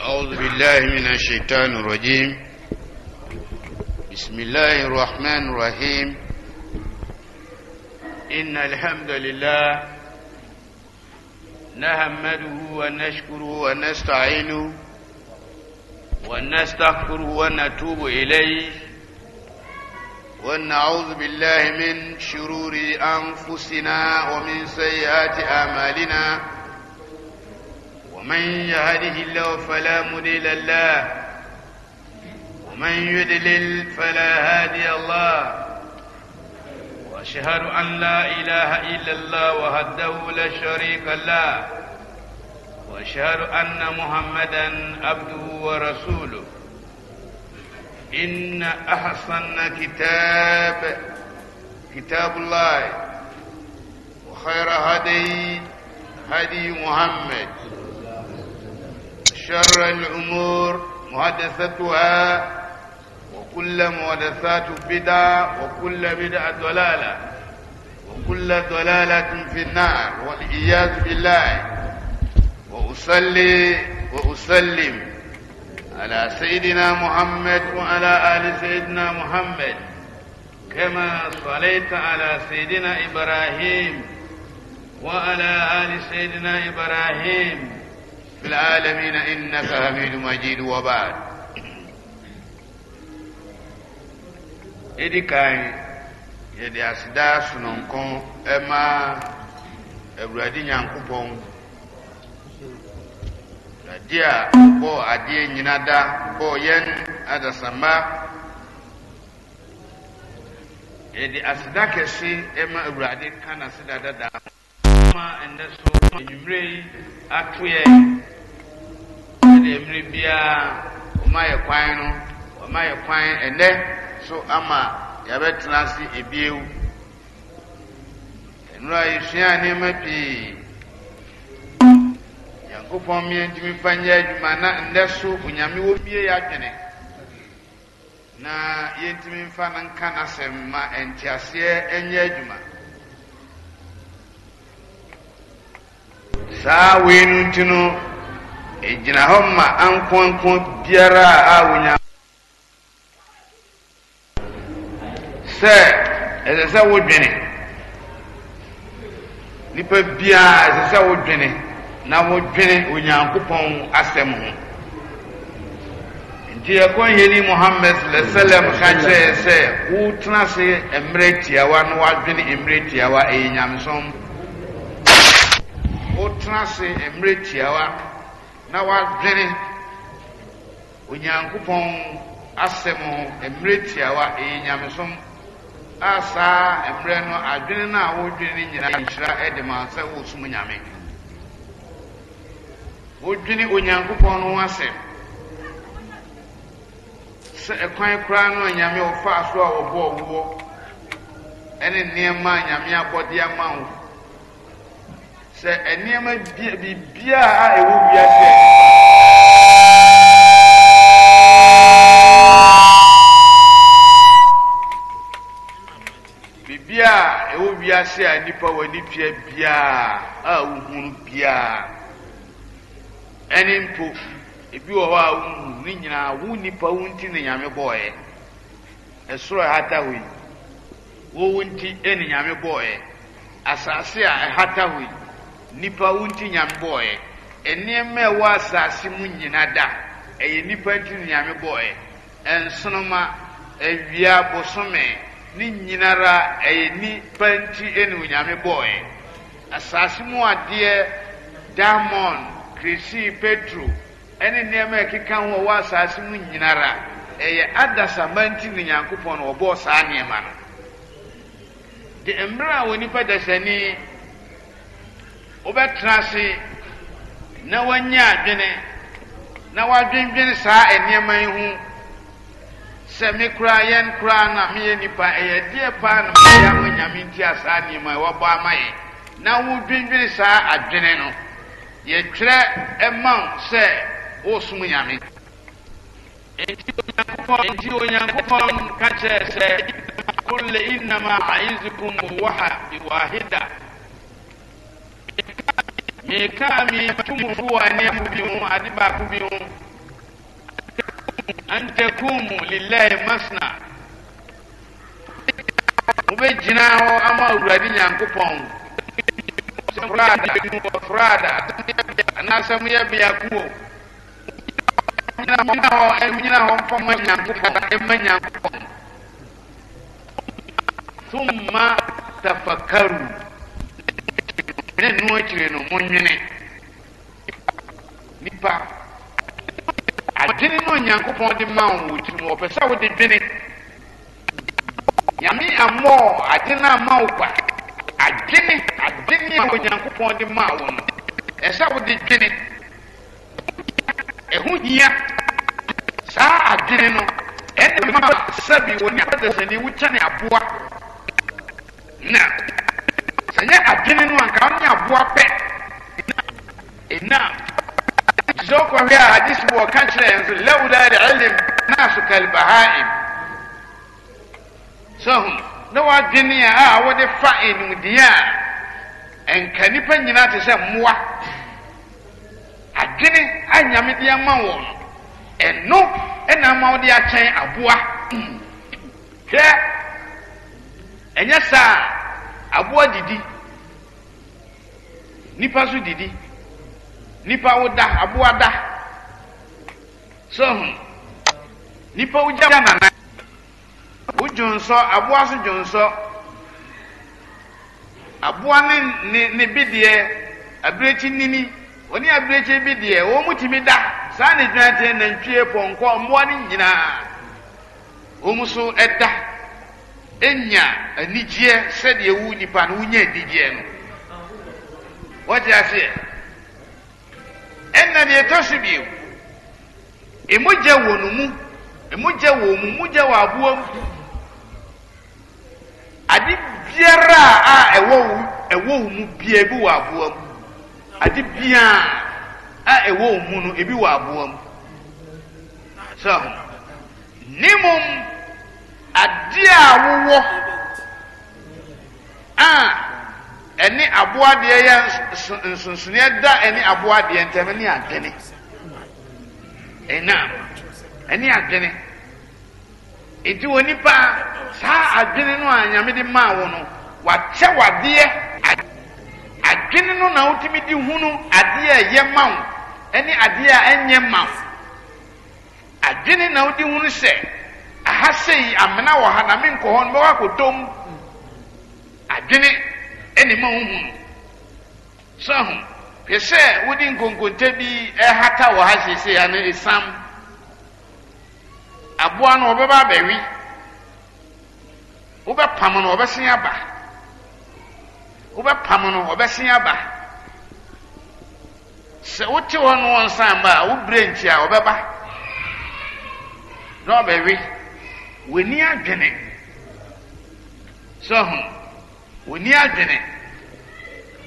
أعوذ بالله من الشيطان الرجيم بسم الله الرحمن الرحيم إن الحمد لله نحمده ونشكره ونستعينه ونستغفره ونتوب إليه ونعوذ بالله من شرور أنفسنا ومن سيئات أعمالنا من يهده الله فلا مضل له ومن يضلل فلا هادي الله واشهد ان لا اله الا الله وحده لا شريك له واشهد ان محمدا عبده ورسوله ان احسن كتاب كتاب الله وخير هدي هدي محمد شر الأمور محدثتها وكل محدثات بدعة وكل بدعة ضلالة وكل ضلالة في النار والعياذ بالله وأصلي وأسلم على سيدنا محمد وعلى آل سيدنا محمد كما صليت على سيدنا إبراهيم وعلى آل سيدنا إبراهيم في العالمين إنك حميد مجيد وبعد إذا كان yɛde aseda sononko ɛma awurade nyankopɔn awurade a bɔɔ adeɛ nyina da bɔɔ yɛn adasamma yɛde aseda kɛse ɛma awurade ka n'aseda dada ma ɛnɛ so anwummerɛ yi atoɛ ɛde mmiri biara wɔma yɛ kwan no wɔma yɛ kwan ɛnɛ so ama yɛbɛtena ase ebiewu nnura yɛsua nneɛma pii nyankopɔn mmea ntumi mfa nyɛ adwuma na nnɛ so onyame wɔ mmie yɛ adwene na yɛntumi mfa no nka n'asɛm ma nteaseɛ nyɛ adwuma saa wei no nti no ɛgyina hɔ ma ankonko biara a wonya sɛ ɛsɛ sɛ wodwene nnipa biara ɛsɛ sɛ wodwene na wodwene onyankopɔn asɛm ho nti yɛkɔheni mohamad sala salam ka kyerɛɛ sɛ wotena se mmerɛ tiawa na woadwene mmerɛ tiawa ɛyɛ nyamesom wotena ase mmerɛ tiawa na wadwene onyankopɔn asɛm mmerɛ tiawa ɛyɛ nyamesom a saa mmerɛ no adwene no a wodwene no nyinaa nhyira de ma sɛ wosom nyame wodwene onyankopɔn no ho asɛm sɛ ɛkwan koraa no a nyame wɔfaa so a wɔbɔɔ woɔ ɛne nneɛma a nyame abɔde ama wo sɛ nneɛma biribia a ɛwɔ wiase biribia a ɛwɔ a nipa wɔ ani pia a wohunu biara ɛne mpo ebi wɔ hɔ a wohu ne nyinaa wo nipa wo nti ne nyame bɔɔɛ ɛsoro ɛhata hɔ yi wo wo nti ne nyame bɔɔɛ asase a ɛhata hɔ yi nipa wo nti nyame bɔɔɛ nneɛma a ɛwɔ asase mu nyina da ɛyɛ nipa nti nyame bɔɔɛ nsonoma awia bosome ne nyinara ɛyɛ nipa nti ne onyame bɔɔɛ asase mu adeɛ diamond kresi petro ɛne nneɛma a ɛkeka ho ɛwɔ asase mu nyinara ɛyɛ adasama nti ne nyankopɔn no wɔbɔɔ saa nneɛma no de mmerɛ a wɔ nipa dasani wobɛtena ase na woanya adwene na woadwendwene saa nneɛma yi ho sɛ me koraa yɛn koraa na meyɛ nipa ɛyɛ deɛ paa na meyɛ ama nyame nti a saa nneɛma a wɔabɔ ama yɛ na wodwendwene saa adwene no yɛtwerɛ ɛma wo sɛ wosom nyame nti onyankopɔn ka kyerɛ sɛ kulle innama aizukum waha biwahida eka mi tumu duwa ne mu biun adi ba ku biun an takumu lillahi masna mo be gyina hɔ ama awurade nyankopɔn frada frada anaasɛ moyɛ beakuo nyina hɔ nyina eh, hɔ mfa na nyankopɔn eh, ɛma nyankopɔn tuma tafakaru era niwakyire e e e eh, no munnwene nipa adwene no onyankopɔn de ma wo wotiri mu ɔpɛ sɛ wode dwene nyame ammɔɔ adwene ama wo kwa adwene adwene a onyankopɔn de ma wo no ɛsɛ wode dwene ɛho hia saa adwene no ɛne ma sɛbi wo ne abatɛsani wokyɛne aboa na sɛ nyɛ adwene no anka ɔne aboa pɛ ɛna sɛ wokɔhwɛ a hadis bi wɔka kyerɛ ɛ nso laula lilim naso kalbahaim sɛ hu na woadwene a a wode fa animdeɛ a ɛnka nnipa nyinaa te sɛ mmoa adwene a nyamedeɛ ma wɔn ɛno ɛna ma wode akyɛn aboa hmm. hwɛ ɛnyɛ saa aboa didi nipa so didi nipa wo da aboa da so ho nipa wo gya nana wo dwonsɔ aboa so dwonsɔ aboa ne ne ne bi deɛ abirekyi nini oni abirekyi bi deɛ wɔn mu timi da saa ne dwan tɛn nantwie pɔnkɔ mmoa ne nyinaa wɔn mu so ɛda. enya anigyeɛ eh, sɛdeɛ wu nipa no wonya anigyeɛ no wɔte aseɛ Ɛna deɛ ɛtɔ so bio ɛmogya wɔ no mu ɛmogya wɔ mu mogya wɔ aboa mu ade biara a ɛwɔ eh, wo ɛwɔ eh, wo mu bia ebi wɔ aboa mu ade biara a ɛwɔ wo mu no ebi wɔ aboa mu sɛ ho adeɛ a wowɔ a ɛne aboadeɛ yɛ nsonsoneɛ da ɛne aboadeɛ ntam ɛne adwene ɛnam ɛne adwene nti wɔ nipa saa adwene no a nyame de maa wo no wakyɛ wadeɛ adwene no na wotumi de hunu adeɛ a ɛyɛ ma wo ɛne adeɛ a ɛnyɛ ma wo adwene na wode hunu sɛ aha sei amena wɔ ha na menkɔ hɔ no bɛwɔ akɔdom adwene ɛne ma wohu no so ho hwɛ sɛ wode nkonkonta bi ɛhata wɔ ha seesei ana ɛsiam aboa no wɔbɛba abɛwe wobɛpam no wɔbɛsen aba wobɛpam no wɔbɛsen aba sɛ wote hɔ no wɔ nsa mba a wo berɛ a wɔbɛba na ɔbɛwe w'ani adwene sɛ ho w'ani adwene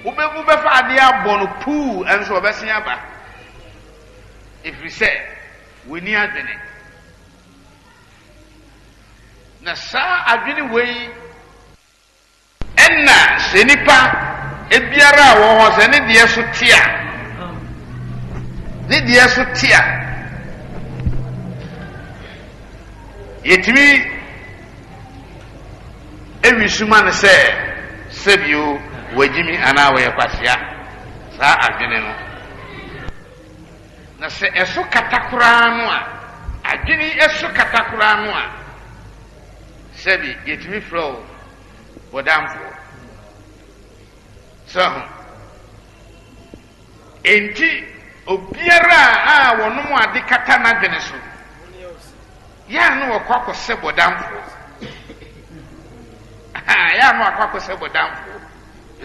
wobɛbu bɛfa adeɛ abɔ no puu ɛnso ɔbɛsen aba ɛfiri sɛ w'ani adwene na saa adwene wei ɛnna sɛ nipa ebiara a wɔ hɔ ne deɛ so tea ne deɛ so tea yɛtumi ɛwi suma no sɛ sɛbio wagyimi anaa wɔyɛ kwasea saa adwene no na sɛ ɛso kata koraa no a adwene ɛso kata koraa no a sɛbi yɛtumi frɛ wo bɔdamfoɔ sɛ ho enti obiara a wɔnom ade kata n'adwene so yɛn no wɔkɔ akɔsɛ bɔdamfoɔ yɛn no wɔkɔ akɔsɛ bɔdamfoɔ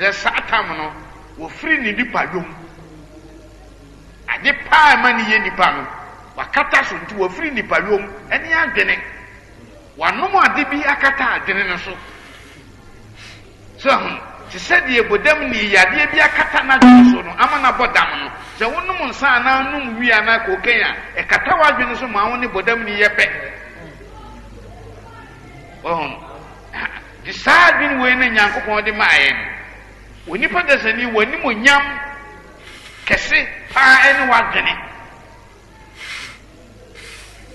yɛ saa tam no wɔfiri ne nipa dwom ade paa ma ne yɛ nipa no wakata so nti wɔfiri nipa dwom ɛne adwene wanom ade bi akata adwene no so so ho hmm, te sɛ deɛ bɔdam ne yadeɛ bi akata n'adwene so no ama n'abɔ dam sɛ wonom nsa anaa nom wi anaa kokain a ɛkata w'adwene so ma wo ne bɔdam ne yɛ pɛ ɔhun de saa adwene wei ne nyankopɔn de maa no onipa dasani w'anim onyam kɛse paa ɛne w'adwene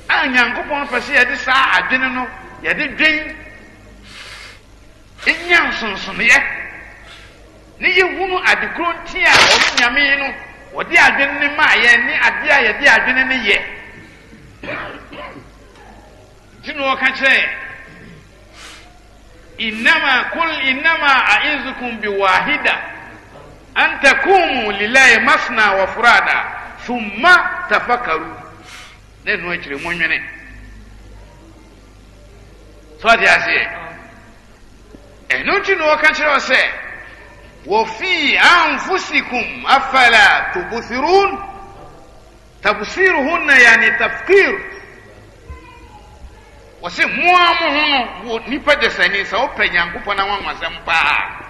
a nyankopɔn pɛ sɛ yɛde saa adwene no yɛde dwen ɛnya nsonsonoeɛ ne yɛhunu adekoro nti a ɔno nyame no wɔde adwene ne maa yɛn ne adeɛ a yɛde adwene ne yɛ nti na wɔka kyerɛ innama kul innama a'izukum biwahida an takumu lillahi masna wa furada thumma tafakaru na ɛnu akyire mo nwene so ade aseɛ ɛno nti na wɔka kyerɛ sɛ وفي أنفسكم أفلا تبصرون تبصيرهن يعني تفكير wɔsi mua mu ho no wɔ nipa desani sɛ wopɛ nyankopɔn na wanwasɛm paa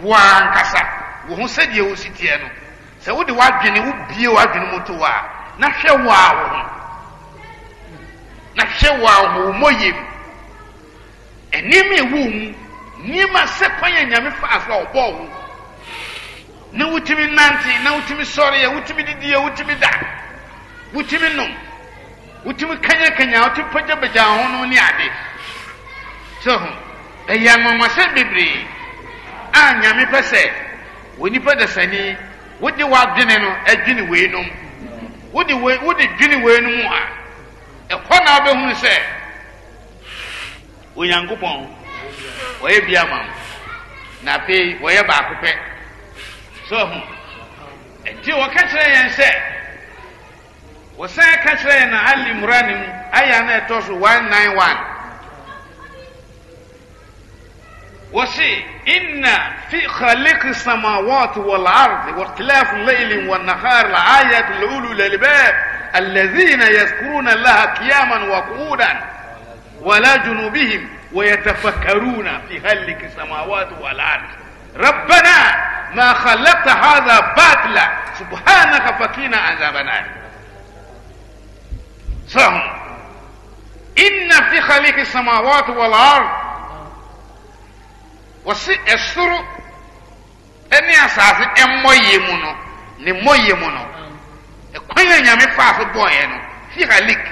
wo ankasa wo ho sɛdeɛ wo si teɛ no sɛ wode w'adwene wobie w'adwene mu to hɔ a na hwɛ wo a wo ho na hwɛ wo a wo ho wo mmɔyɛ mu ɛnneɛma ɛwɔ mu nneɛma sɛ kwan a nyame fa asɛ a ɔbɔɔ wo ne wotumi nanti na wotumi sɔre yɛ wotumi didi yɛ wotumi da wotumi nom wotumi kanyakanya wotumi pagyapagya ho no ne ade so ho ɛyɛ anwanwasɛ bebree a nyame pɛ sɛ wɔ nipa dasani wode w'adwene no adwene weinom wode wode dwene weinom a ɛkɔ na wobɛhunu sɛ onyankopɔn wɔyɛ bi ama na afei wɔyɛ baako pɛ so ho nti wɔka kyerɛ yɛn sɛ wɔsan ka kyerɛ yɛn na ali mmura ne mu ayɛ na ɛtɔ so one nine one wɔsi inna fi khaliki samawati wal ardi wa ikhtilafu layli wa nahar la ayat la ulu lalibab الذين يذكرون الله قياما وقعودا ولا جنوبهم ويتفكرون في خلق السماوات والارض ربنا ما خلقت هذا باطلا سبحانك فكينا عذاب النار صح ان في خلق السماوات والارض والسر ان اساس ام ميمو نو ني ميمو نو اكوين نيامي فاس بويه في خلق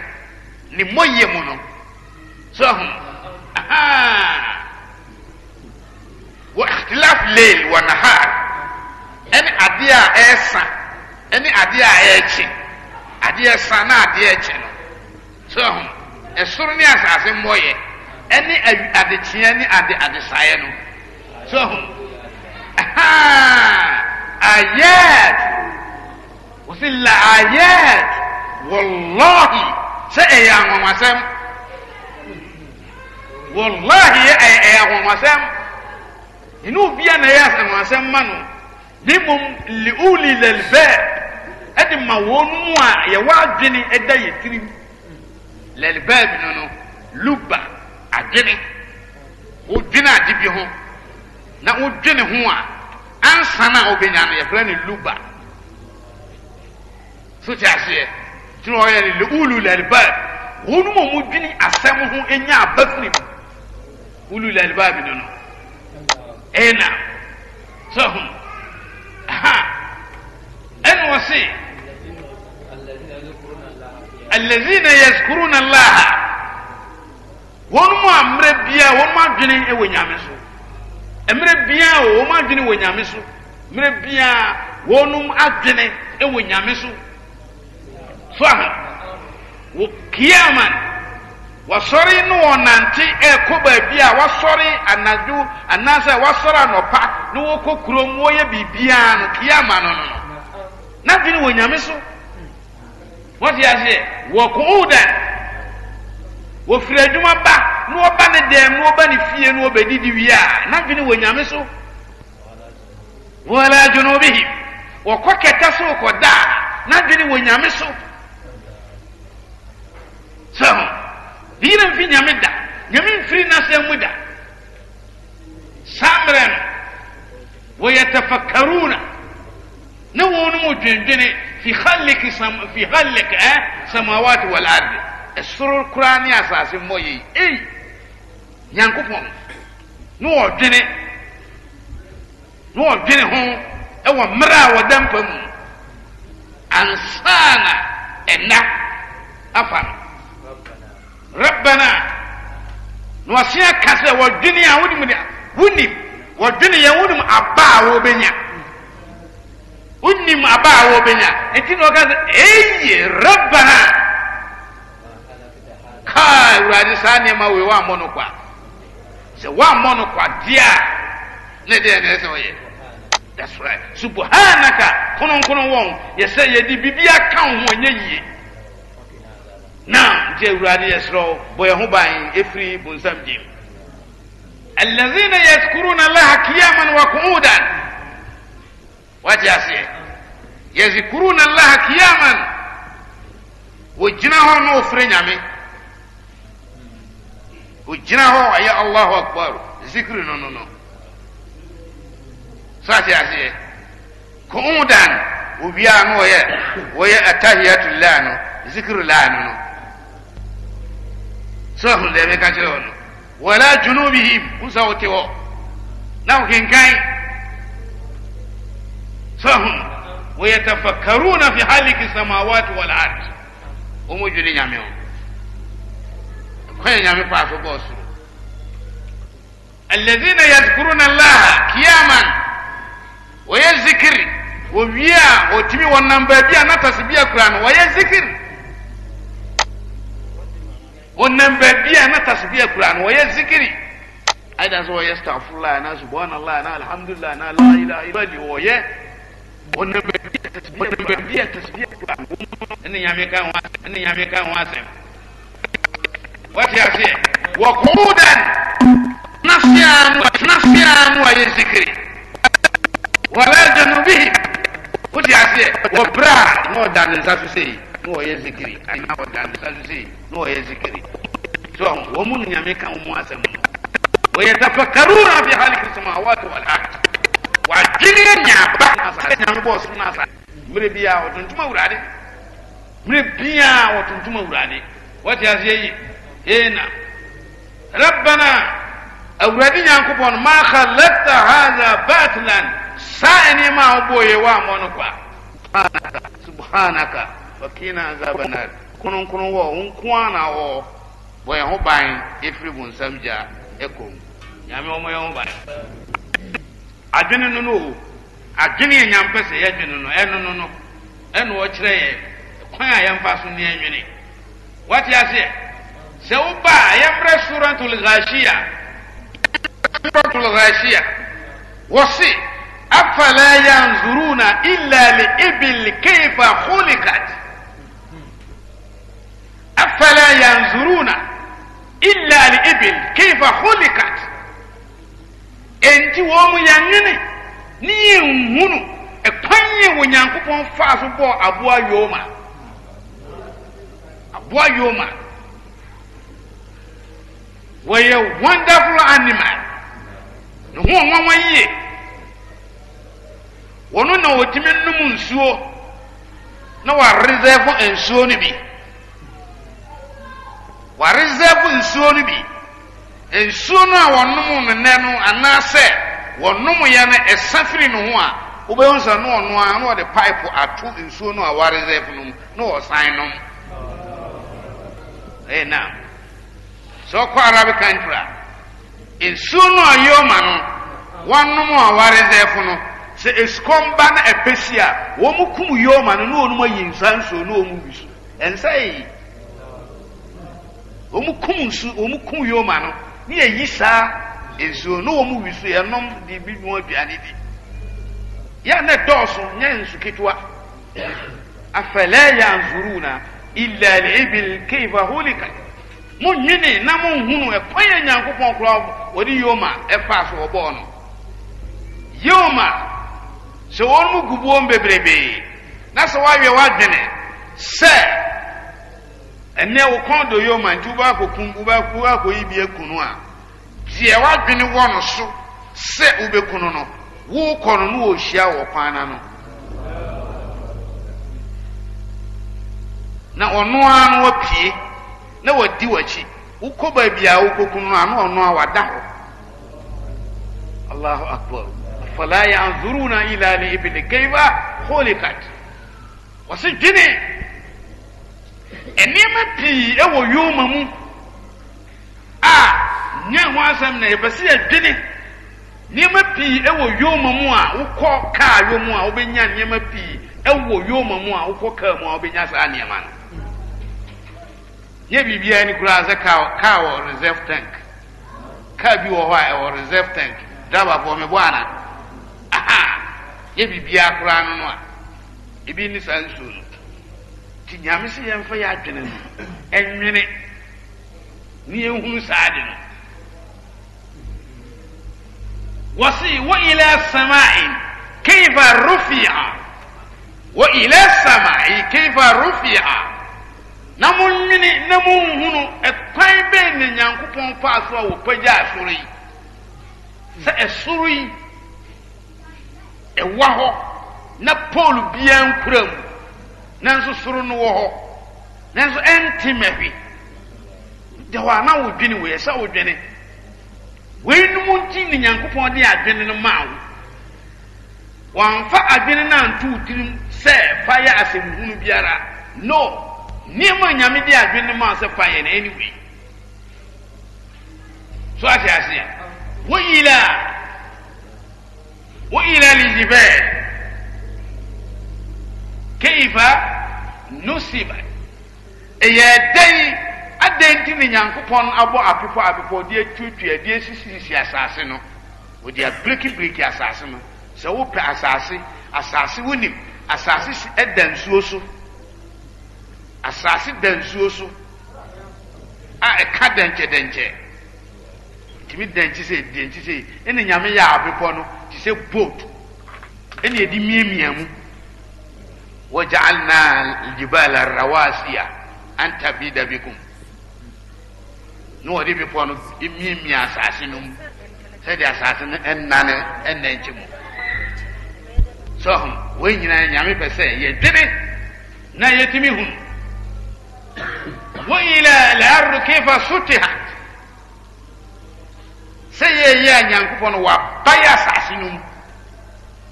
ني ميمو نو صح wɔ ikhtilaf leil wɔ nahar ɛne adeɛ a ɛɛsa ɛne adeɛ a ɛɛkye adeɛ ɛsa na adeɛ ɛkye no so ho ɛsoro ne asase mmɔyɛ ɛne adekyeɛ ne ade adesaeɛ no so ho ayat wɔsi la ayat wɔlɔhi sɛ ɛyɛ anwanwasɛm wɔlɔhi ɛyɛ anwanwasɛm ɛne obia na ɛyɛ asɛmasɛm ma no ne mmom liuli lelbɛb ɛde ma wɔn mu a yɛwɔ adwene ɛda yɛ tirim lelbɛb no no luba adwene wodwene ade bi ho na wodwene ho a ansa no a wobɛnya no yɛfrɛ no luba so te aseɛ tiri ɔyɛ ne liulu lelbɛb wɔn mu a wɔdwene asɛm ho ɛnya aba ulu lelbɛb no no ɛna sɛ ho aha ɛna wɔ se alazina yaskuruna allaha wɔn mu a mmerɛ bia wɔn mu adwene wɔ nyame so mmerɛ bia wɔn mu adwene wɔ nyame so mmerɛ bia wɔn mu adwene wɔ nyame so so aha wɔ kiaman wɔsɔre ne nante ɛrekɔ baabi a wɔsɔre anadwo anaasɛ wɔsɔre anɔpa na wɔkɔ onye wɔyɛ biribiara no kiama no no no n'adwene wɔ nyame so wɔte aseɛ wɔkoodan wɔfiri adwuma ba na wɔba ne dɛm na wɔba ne fie na wɔbɛdidi wie a n'adwene wɔ nyame so wɔla wɔkɔ kɛtɛ so a diina mfi nyame da nyame mfiri n'asɛm mu da saa mmerɛ no wɔyɛtafakkaruna na wɔn no mu dwendwene fi haliki sam fi haliki ɛ samawati wal ardi ɛsoro koraa ne asase mmɔ yɛ yi ei nyankopɔn na wɔdwene na wɔdwene ho ɛwɔ mmerɛ a wɔda mpa mu ansa na ɛna afa no rabbana na wɔsia ka sɛ wɔdwene a wonim de wonim wɔdwene yɛ wonim aba a wɔbɛnya wonim aba a wɔbɛnya nti na ɔka sɛ ɛyɛ rabbana kaa awurade saa nneɛma wei woammɔ no kwa sɛ woammɔ no kwa deɛ ne deɛ ne ɛsɛ wɔyɛ that's right subhanaka krononkrono wɔn yɛsɛ yɛde biribi aka wo ho ɛnyɛ yie na nti awurade yɛserɛ bɔ yɛ ho ban ɛfiri bonsam gyem alladhina yadhkuruna allaha qiyaman wa qu'udan wagye aseɛ yadhkuruna allaha qiyaman wɔgyina hɔ na wɔfrɛ nyame wɔgyina hɔ ɛyɛ allahu akbar zikiri no no no so ate aseɛ qu'udan obiaa no wɔyɛ wɔyɛ atahiyatullah no zikirullah no no sɔhun lɛbɛ ka kyerɛ wɔn wala junubihim kusa o te hɔ na o kenkan sɔhun o yɛ tafakaru na fi haliki samawati wala ati o mo joli nyame o kɔɲɛ nyame paafo bɔ soro alɛzina yadkuruna laha kiyaman o yɛ zikiri o wia o timi wɔn namba bi a na tasibia kura no o yɛ zikiri. wannan baabi a na tasbiya kura no wɔyɛ zikiri aida sɛ wɔyɛ stafurla na subhanallah na alhamdulillah na la ilaha illa li wɔyɛ wannan baabi a tasbiya wannan baabi a tasbiya kura no ɛne nyame ka ho asɛm ɛne nyame ka ho asɛm wɔte aseɛ wɔ kuudan nasiya no nasiya no wɔyɛ zikiri wɔlɛ janubihim wɔte aseɛ wɔ bra na ɔda ne nsa so sɛ yi n'o ye zikiri a n'a fɔ dandilasisi n'o ye zikiri sɔn o minnu ɲami kan mu ase mu o ye dafa karu na bi hali kisuma waati wali a wa jini ye ɲaba na sa ale ɲami bɔ sun na sa mire biya o tun tuma wura de mire biya o tun tuma wura de waati a se ye e na rabbana awuradi nyankopɔn ma khalaqta hadha batilan saa ɛni ma bɔ ye wa mɔni kwa subhanaka subhanaka wakina azaba nar kununkunu wɔ na wɔ bɔ ho ban efiri bu nsam gya ɛkɔ mu nyame wɔn yɛn ho ban adwene no no adwene yɛ nyampɛ sɛ yɛdwene no ɛno no no ɛna yɛ kwan a yɛmfa so ne aseɛ sɛ woba a afala yanzuruna illa أفلا ينظرون إلا لإبل كيف خلقت أنت وهم ينيني نيهون ɛkwan yɛ wɔ nyankopɔn faa so bɔɔ aboa yoma aboa yoma wɔyɛ wonderful animal ne ho ɔnwanwa yie wɔno na wɔtumi nom nsuo na wɔareserve nsuo no bi wareserve nsuo no bi nsuo no a wɔnom no nnɛ no anaasɛ wɔnom yɛ no ɛsa firi ne ho a wobɛhu sɛ no ɔno a na ɔde pipe ato nsuo no a wareserve no mu na ɔsan nom ɛyɛ na sɛ ɔkɔ arabic country nsuo no a yɛɔma no wɔnom a wareserve no sɛ esukɔm ba no ɛpɛsi a wɔn mu kum yɛɔma no na wɔn ayi nsa nsuo na wɔn bi so ɛnsa yi wɔn kum nsu wɔn kum yoma no ne yɛyi saa nsuo ne wɔn wi so yɛnom de bi mu aduane di yɛn ne dɔɔso nyɛ nsu ketewa afɛlɛ yanzuru na illa libil keifa holika mo nyini na mo nhunu ɛkwan yɛ nyankopɔn koraa wɔde yoma ɛfa so wɔbɔɔ no yoma sɛ wɔn mu gubuo bebrebe na sɛ wɔayɛ wɔadwene sɛ ɛnɛ wo kɔn do yom a nti woba akɔkum woba woba akɔyi bi ekunu a deɛ wadwene wɔ no so sɛ wobɛkunu no wokɔ no no wɔhyia wɔ kwan na no na ɔno ara no wapie na wadi w'akyi wokɔ baabi a wokɔkunu no a na ɔno a wada hɔ allahu akbar fala yanzuruna ila liibli kaifa khuliqat wɔse dwene nneɛma pii wɔ yoma mu a nyɛ ho asɛm na yɛpɛ sɛ yɛdwene nneɛma pii wɔ yoma mu a wokɔ kaa yom a wobɛnya nneɛma pii wɔ yoma mu a wokɔ kaa mu a wobɛnya saa nneɛma no nyɛ biribiara ni koraa sɛ kaa kaa wɔ reserve tank kaa bi wɔ hɔ a ɛwɔ reserve tank drabafoɔ mebɔ ana aha nyɛ biribiara koraa no no a ebi ne saa nsuo no nti nyame sɛ yɛmfa yɛ adwene no ɛnwene ne yɛnhunu saa de no wɔse wa ila samain kaifa rufia wa ila samai kaifa rufia na monwene na monhunu ɛkwan bɛn ne nyankopɔn faa so a wɔpagya asoro yi sɛ ɛsoro yi ɛwa hɔ na paul biara nkura mu nanso soro no wɔ hɔ nanso ɛnte ma hwe hɔ a na wodwene wei sɛ wodwene weinom nti ne nyankopɔn de adwene no maa wo wɔamfa adwene no anto wo tirim sɛ fa yɛ asɛmhunu biara no nneɛma nyame de adwene no maa sɛ fa yɛ no anyway so ate aseɛ wo ila wo ila lizibɛɛ keifa nusiba ɛyɛ dɛn adɛn ti ne nyankopɔn abɔ apepɔ apepɔ de atuatua de asisisi asase no wɔde abirikibiriki asase no sɛ wopɛ asase asase wonim asase ɛda nsuo so asase da nsuo so a ɛka dɛnkyɛdɛnkyɛ tumi dɛnkyi sɛ dɛnkyi sɛ ɛne nyame yɛ apepɔ no te sɛ boat ɛne yɛde miamia mu وجعلنا الجبال الرواسي أن تبيد بكم نوري بفون إميمي أساسنهم سيدي أساسن أننا أننجمو sɔhun wɔn nyinaa nyame pɛ sɛ yɛdwene na yɛtumi hu wɔn nyinaa lɛɛro kefa sote ha sɛ yɛyɛ a nyankopɔn no wɔabae asase no mu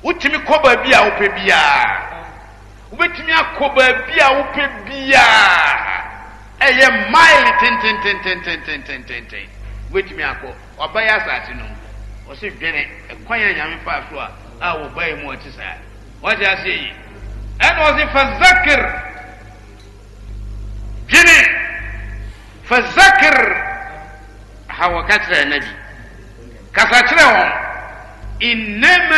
wotumi kɔ baabi a wopɛ biara wobɛtumi akɔ baabi a wopɛ biaa ɛyɛ mile tentententententententen wobɛtumi akɔ ɔbɛyɛ asase no ɔsɛ dwene ɛkwan a nyame faa so a a wɔbae mu ɔte saa wɔte aseɛ yi ɛna ɔse fazakir dwene fazakir ha wɔka kyerɛ nabi kasa kyerɛ wɔn innama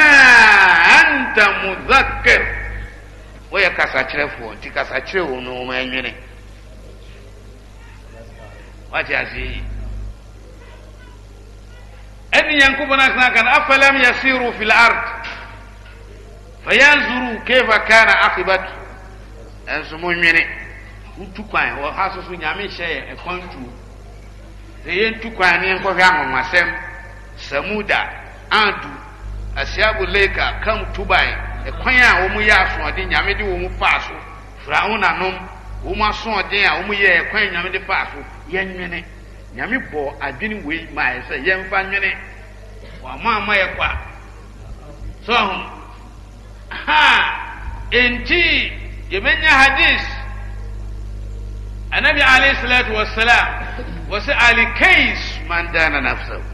anta mudhakir woyɛ kasakyerɛfoɔ nti kasakyerɛ wo no wɔma anwene wate aseɛ yi ɛne nyankopɔn no asena kan afalam yasiru fi lard fayanzuru kaifa kana akibatu ɛnso mo nwene wotu kwan wɔ ha so so nyame hyɛ yɛ ɛkwan tuo sɛ yɛntu kwan ne yɛnkɔhwɛ anwanwasɛm samuda adu asiabu leka kam tuban ɛkwan a wɔn yɛ asoɔden nyame de wɔn faa so firawo nanom wɔn asoɔden a wɔn yɛ ɛkwan nyame de faa so yɛn nwene nyame bɔ adwene wei ma ayɛ sɛ yɛn fa nwene wɔn ama ama yɛ kwa so ho ha nti yɛbɛnya hadis anabi alayhi salatu wa salam wɔsi alikeis man dana nafsahu.